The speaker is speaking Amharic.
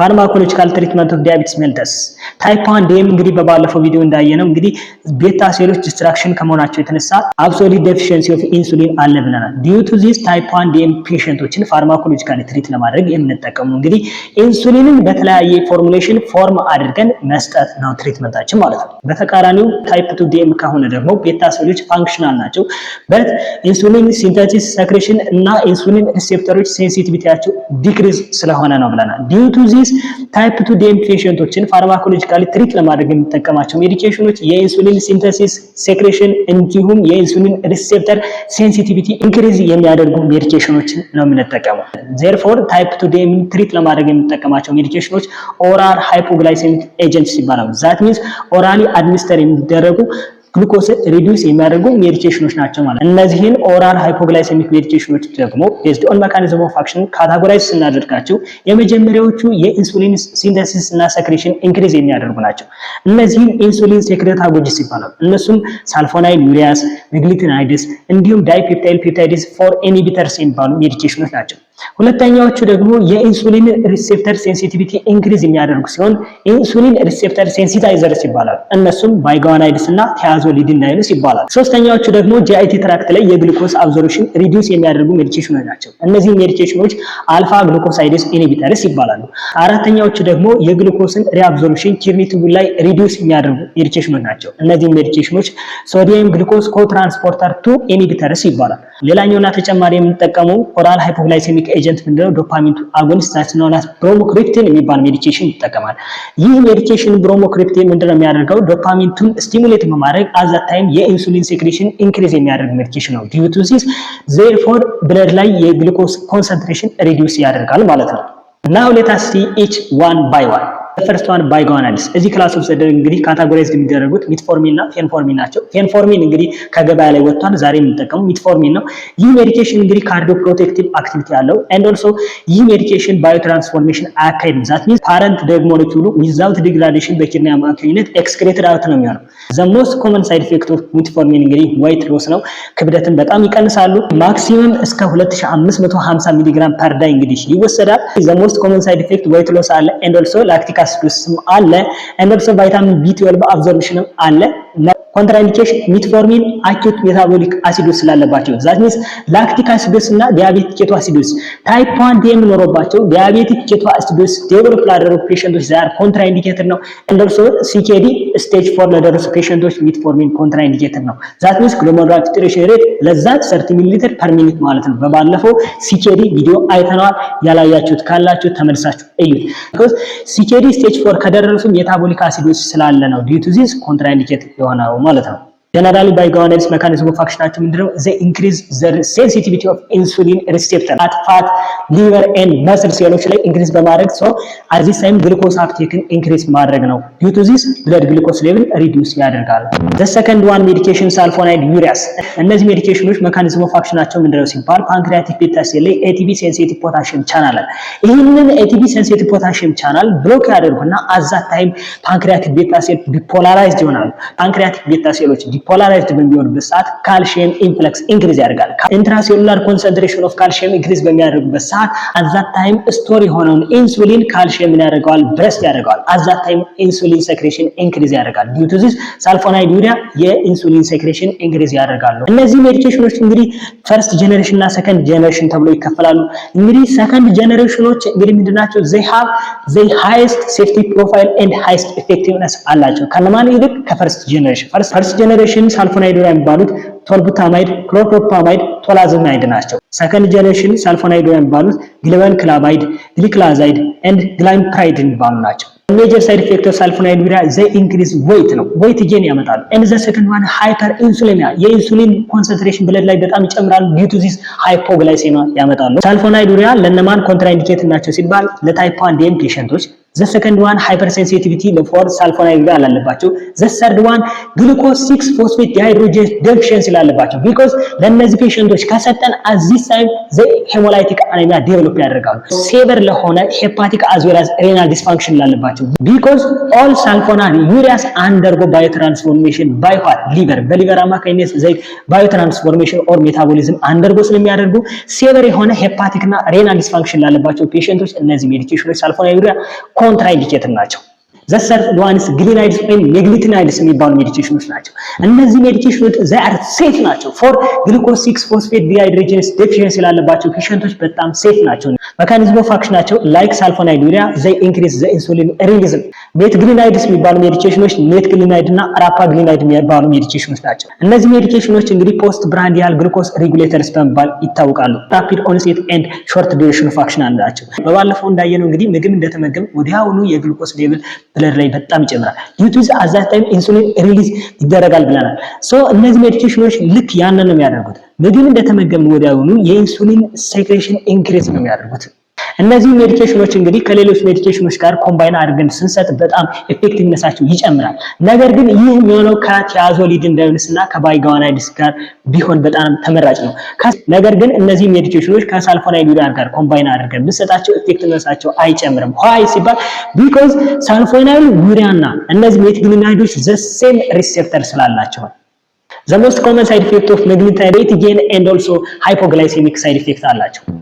ፋርማኮሎጂካል ትሪትመንት ኦፍ ዲያቤቲስ ሜልተስ ታይፕ ዋን ዲኤም እንግዲህ በባለፈው ቪዲዮ እንዳየነው እንግዲህ ቤታ ሴሎች ዲስትራክሽን ከመሆናቸው የተነሳ አብሶሊት ዴፊሽንሲ ኦፍ ኢንሱሊን አለ ብለናል። ዲዩ ቱ ዚስ ታይፕ ዋን ዲኤም ፔሸንቶችን ፋርማኮሎጂካሊ ትሪት ለማድረግ የምንጠቀሙ እንግዲህ ኢንሱሊንን በተለያየ ፎርሙሌሽን ፎርም አድርገን መስጠት ነው ትሪትመንታችን ማለት ነው። በተቃራኒው ታይፕ ቱ ዲኤም ከሆነ ደግሞ ቤታ ሴሎች ፋንክሽናል ናቸው በት ኢንሱሊን ሲንተሲስ ሰክሬሽን እና ኢንሱሊን ሪሴፕተሮች ሴንሲቲቪቲያቸው ዲክሪዝ ስለሆነ ነው ብለናል። ዲዩ ቱ ዚስ ታይፕ ቱ ዴም ፔሸንቶችን ፋርማኮሎጂካሊ ትሪት ለማድረግ የሚጠቀማቸው ሜዲኬሽኖች የኢንሱሊን ሲንተሲስ ሴክሬሽን፣ እንዲሁም የኢንሱሊን ሪሴፕተር ሴንሲቲቪቲ ኢንክሪዝ የሚያደርጉ ሜዲኬሽኖችን ነው የምንጠቀመው። ዜርፎር ታይፕ ቱ ዴም ትሪት ለማድረግ የምንጠቀማቸው ሜዲኬሽኖች ኦራል ሃይፖግላይሴሚክ ኤጀንትስ ይባላሉ። ዛት ሚንስ ኦራሊ አድሚኒስተር የሚደረጉ ግሉኮስን ሪዲዩስ የሚያደርጉ ሜዲኬሽኖች ናቸው ማለት እነዚህን ኦራል ሃይፖግላይሰሚክ ሜዲኬሽኖች ደግሞ ቤዝድ ኦን መካኒዝም ኦፍ አክሽን ካታጎራይዝ ስናደርጋቸው የመጀመሪያዎቹ የኢንሱሊን ሲንተሲስ እና ሰክሬሽን ኢንክሪዝ የሚያደርጉ ናቸው። እነዚህም ኢንሱሊን ሴክሬታጎጂስ ይባላሉ። እነሱም ሳልፎናይል ዩሪያስ፣ ሚግሊቲናይድስ እንዲሁም ዳይፔፕታይል ፔፕታይድስ ፎር ኢንሂቢተርስ የሚባሉ ሜዲኬሽኖች ናቸው። ሁለተኛዎቹ ደግሞ የኢንሱሊን ሪሴፕተር ሴንሲቲቪቲ ኢንክሪዝ የሚያደርጉ ሲሆን ኢንሱሊን ሪሴፕተር ሴንሲታይዘርስ ይባላሉ። እነሱም ባይጋዋናይድስ እና ቲያዞሊዲናይንስ ይባላሉ። ሶስተኛዎቹ ደግሞ ጂአይቲ ትራክት ላይ የግሉኮስ አብዞርፕሽን ሪዲዩስ የሚያደርጉ ሜዲኬሽኖች ናቸው። እነዚህ ሜዲኬሽኖች አልፋ ግሉኮሳይድስ ኢንሂቢተርስ ይባላሉ። አራተኛዎቹ ደግሞ የግሉኮስን ሪአብዞርፕሽን ኪድኒ ቱቡ ላይ ሪዲዩስ የሚያደርጉ ሜዲኬሽኖች ናቸው። እነዚህ ሜዲኬሽኖች ሶዲየም ግሉኮስ ኮትራንስፖርተር ቱ ኢንሂቢተርስ ይባላል። ሌላኛውና ተጨማሪ የምንጠቀመው ኦራል ሃይፖግላይሴሚክ ኤጀንት ምንድነው? ዶፓሚን አጎኒስት ናት። ብሮሞክሪፕቲን የሚባል ሜዲኬሽን ይጠቀማል። ይህ ሜዲኬሽን ብሮሞክሪፕቲን ምንድነው የሚያደርገው? ዶፓሚንቱን ስቲሙሌት በማድረግ አዛ ታይም የኢንሱሊን ሴክሬሽን ኢንክሪዝ የሚያደርግ ሜዲኬሽን ነው። ዲዩ ቱ ዜርፎር ብለድ ላይ የግሉኮስ ኮንሰንትሬሽን ሪዲዩስ ያደርጋል ማለት ነው። ናው ሌታ ሲ ኢች ዋን ባይ ዋን ፈርስት ዋን ባይጎናልስ እዚህ ክላስ ውስጥ ዘደረ እንግዲህ ካታጎራይዝ የሚደረጉት ሚትፎርሚን እና ፌንፎርሚን ናቸው። ፌንፎርሚን እንግዲህ ከገበያ ላይ ወጥቷል። ዛሬ የምንጠቀሙ ሚትፎርሚን ነው። ይህ ሜዲኬሽን እንግዲህ ካርዲዮ ፕሮቴክቲቭ አክቲቪቲ አለው። ኤንድ ኦልሶ ይህ ሜዲኬሽን ባዮ ትራንስፎርሜሽን አያካሂድም። ዛት ሚንስ ፓረንት ደግ ሞለኪውሉ ዊዛውት ዲግራዴሽን በኪድኒ አማካኝነት ኤክስክሬትድ አውት ነው የሚሆነው። ዘ ሞስት ኮመን ሳይድ ኢፌክት ኦፍ ሚትፎርሚን እንግዲህ ዋይት ሎስ ነው። ክብደትን በጣም ይቀንሳሉ። ማክሲመም እስከ 2550 ሚሊግራም ፐር ዳይ እንግዲህ ይወሰዳል። ዘ ሞስት ኮመን ሳይድ ኢፌክት ዋይት ሎስ አለ ኤንድ ኦልሶ ላክቲክ ዳያሲዶስም አለ እንደምሰ ቫይታሚን ቢ12 አብዞርብሽንም አለ። ኮንትራኢንዲኬሽን ሚትፎርሚን አኪዩት ሜታቦሊክ አሲዶስ ስላለባቸው ዛት ሚንስ ላክቲክ አሲዶስ እና ዲያቤቲክ ኬቶ አሲዶስ ታይፕ 1 ዲኤም ኖሮባቸው ዲያቤቲክ ኬቶ አሲዶስ ዴቨሎፕ ላደረጉ ፔሸንቶች ዛር ኮንትራኢንዲኬትድ ነው። እንደርሶ ሲኬዲ ስቴጅ 4 ለደረሱ ፔሸንቶች ሚትፎርሚን ኮንትራኢንዲኬትድ ነው። ዛት ሚንስ ግሎሜሩላር ፊልትሬሽን ሬት ለዛት 30 ሚሊ ሊትር ፐር ሚኒት ማለት ነው። በባለፈው ሲኬዲ ቪዲዮ አይተናል። ያላያችሁት ካላችሁ ተመልሳችሁ እዩት። ሲኬዲ ስቴጅ 4 ከደረሱ ሜታቦሊክ አሲዶስ ስላለ ነው ዲዩቲዚስ ኮንትራኢንዲኬትድ የሆነው ማለት ነው። ጀነራሊ ባይጋነሪስ መካኒዝም ኦፍ አክሽናቸው ምንድነው? ዘ ኢንክሪዝ ዘ ሴንሲቲቪቲ ኦፍ ኢንሱሊን ሪሴፕተር አት ፋት ሊቨር ኤን መስል ሴሎች ላይ ኢንክሪዝ በማድረግ ሰው አዚ ሳይም ግሉኮስ አፕቴክን ኢንክሪዝ ማድረግ ነው። ዲዩ ቱ ዚስ ብለድ ግሉኮስ ሌቭል ሪዲዩስ ያደርጋል። ዘ ሰከንድ ዋን ሜዲኬሽን ሳልፎናይድ ዩሪያስ። እነዚህ ሜዲኬሽኖች መካኒዝም ኦፍ አክሽናቸው ምንድነው ሲባል ፓንክሪያቲክ ቤታ ሴል ላይ ኤቲቪ ሴንሲቲቭ ፖታሽም ቻናል አለ። ይህንን ኤቲቪ ሴንሲቲቭ ፖታሽም ቻናል ብሎክ ያደርጉና አዛት ታይም ፓንክሪያቲክ ቤታ ሴል ቢፖላራይዝድ ይሆናሉ። ፓንክሪያቲክ ቤታ ሴሎች ዲፖላራይዝድ በሚሆንበት ሰዓት ካልሽየም ኢንፍለክስ ኢንክሪዝ ያደርጋል። ኢንትራሴሉላር ኮንሰንትሬሽን ኦፍ ካልሽየም ኢንክሪዝ በሚያደርጉበት ሰዓት አዛ ታይም ስቶር የሆነውን ኢንሱሊን ካልሽየም ያደርገዋል፣ ብረስት ያደርገዋል። አዛ ታይም ኢንሱሊን ሴክሬሽን ኢንክሪዝ ያደርጋል። ዲዩ ቱ ዚስ ሳልፎናይድ ዩሪያ የኢንሱሊን ሴክሬሽን ኢንክሪዝ ያደርጋሉ። እነዚህ ሜዲኬሽኖች እንግዲህ ፈርስት ጀነሬሽን እና ሰከንድ ጀኔሬሽን ተብሎ ይከፈላሉ። እንግዲህ ሰከንድ ጀነሬሽኖች እንግዲህ ምንድናቸው? ዘይ ሃቭ ዘይ ሃይስት ሴፍቲ ፕሮፋይል ኤንድ ሃይስት ኢፌክቲቭነስ አላቸው ከነማን ይልቅ ከፈርስት ጀነሬሽን ፈርስት ጀነሬሽን ጀኔሬሽን ሳልፎናይድ የሚባሉት ቶልቡታማይድ፣ ክሎፕሮፓማይድ፣ ቶላዝናይድ ናቸው። ሰከንድ ጀኔሬሽን ሳልፎናይድ የሚባሉት ክላማይድ፣ ግሊክላዛይድ ኤንድ ግላይምፕራይድ የሚባሉ ናቸው። ሜጀር ሳይድ ኢፌክት ኦፍ ሳልፎናይድ ቢራ ዘ ኢንክሪዝ ዌይት ነው። ዌይት ጌን ያመጣሉ። ኤንድ ዘ ሰከንድ ዋን ሃይፐር ኢንሱሊኒያ የኢንሱሊን ኮንሰንትሬሽን ብለድ ላይ በጣም ይጨምራሉ። ዲዩ ቱ ዚስ ሃይፖግላይሴማ ያመጣሉ። ሳልፎናይድ ቢራ ለነማን ኮንትራኢንዲኬት ናቸው ሲባል ለታይፕ 1 ዲም ፔሸንቶች ዘ ሰከንድ ዋን ሃይፐር ሴንሲቲቪቲ ለፎር ሳልፎናይድ አላለባቸው። ዘ ሰርድ ዋን ግሉኮስ ሲክስ ፎስፌት ዲሃይድሮጅኔስ ዴፊሽንሲ ላለባቸው። ቢኮዝ ለእነዚህ ፔሸንቶች ከሰጠን አዚስ ታይም ዘ ሄሞላይቲክ አኔሚያ ዴቨሎፕ ያደርጋሉ። ሴቨር ለሆነ ሄፓቲክ አዝ ዌል አዝ ሬናል ዲስፋንክሽን ላለባቸው። ቢኮዝ ኦል ሳልፎናሪ ዩሪያስ አንደርጎ ባዮትራንስፎርሜሽን ባይ ዋት ሊቨር በሊቨር አማካኝነት ዘ ባዮትራንስፎርሜሽን ኦር ሜታቦሊዝም አንደርጎ ስለሚያደርጉ ሴቨር የሆነ ሄፓቲክና ሬናል ዲስፋንክሽን ላለባቸው ፔሸንቶች እነዚህ ሜዲኬሽኖች ሳልፎናይድ ኮንትራኢንዲኬትድ ናቸው። ዘሰር ዋንስ ግሊናይድስ ወይም ኔግሊቲናይድስ የሚባሉ ሜዲኬሽኖች ናቸው። እነዚህ ሜዲኬሽኖች አር ሴፍ ናቸው ፎር ግሉኮስ 6 ፎስፌት ዲሃይድሮጂኔስ ዴፊሽንሲ ላለባቸው ፔሽንቶች በጣም ሴፍ ናቸው። መካኒዝም ኦፍ አክሽናቸው ላይክ ሳልፎናይድ ዩሪያ ዘይ ኢንክሪዝ ዘ ኢንሱሊን ሪሊዝም ሜትግሊናይድስ የሚባሉ ሜዲኬሽኖች ሜትግሊናይድ እና ራፓግሊናይድ የሚባሉ ሜዲኬሽኖች ናቸው። እነዚህ ሜዲኬሽኖች እንግዲህ ፖስት ብራንዲያል ግሉኮስ ሬጉሌተርስ በመባል ይታወቃሉ። ራፒድ ኦንሴት ኤንድ ሾርት ዲዩሬሽን ኦፍ አክሽን አላቸው። በባለፈው እንዳየነው እንግዲህ ምግብ እንደተመገብ ወዲያውኑ የግሉኮስ ሌቭል ብለድ ላይ በጣም ይጨምራል። ዩቱዝ አዛት ታይም ኢንሱሊን ሪሊዝ ይደረጋል ብለናል። ሶ እነዚህ ሜዲኬሽኖች ልክ ያንን ነው የሚያደርጉት። ምግብ እንደተመገብን ወዲያውኑ የኢንሱሊን ሴክሬሽን ኢንክሪዝ ነው የሚያደርጉት። እነዚህ ሜዲኬሽኖች እንግዲህ ከሌሎች ሜዲኬሽኖች ጋር ኮምባይን አድርገን ስንሰጥ በጣም ኤፌክቲቭነሳቸው ይጨምራል። ነገር ግን ይህ የሚሆነው ከቲያዞሊድ እንዳይሆንስ እና ከባይጋዋናይድስ ጋር ቢሆን በጣም ተመራጭ ነው። ነገር ግን እነዚህ ሜዲኬሽኖች ከሳልፎናይድ ጋር ኮምባይን አድርገን ብንሰጣቸው ኤፌክቲቭነሳቸው አይጨምርም። ዋይ ሲባል ቢኮዝ ዩሪያ ዩሪያና እነዚህ ሜቲግሊናይዶች ዘሴም ሪሴፕተር ስላላቸዋል። ዘ ሞስት ኮመን ሳይድ ኢፌክት ኦፍ መግሊታይድ ኤት ጌን ኤንድ ኦልሶ ሃይፖግላይሴሚክ ሳይድ ኢፌክት አላቸው።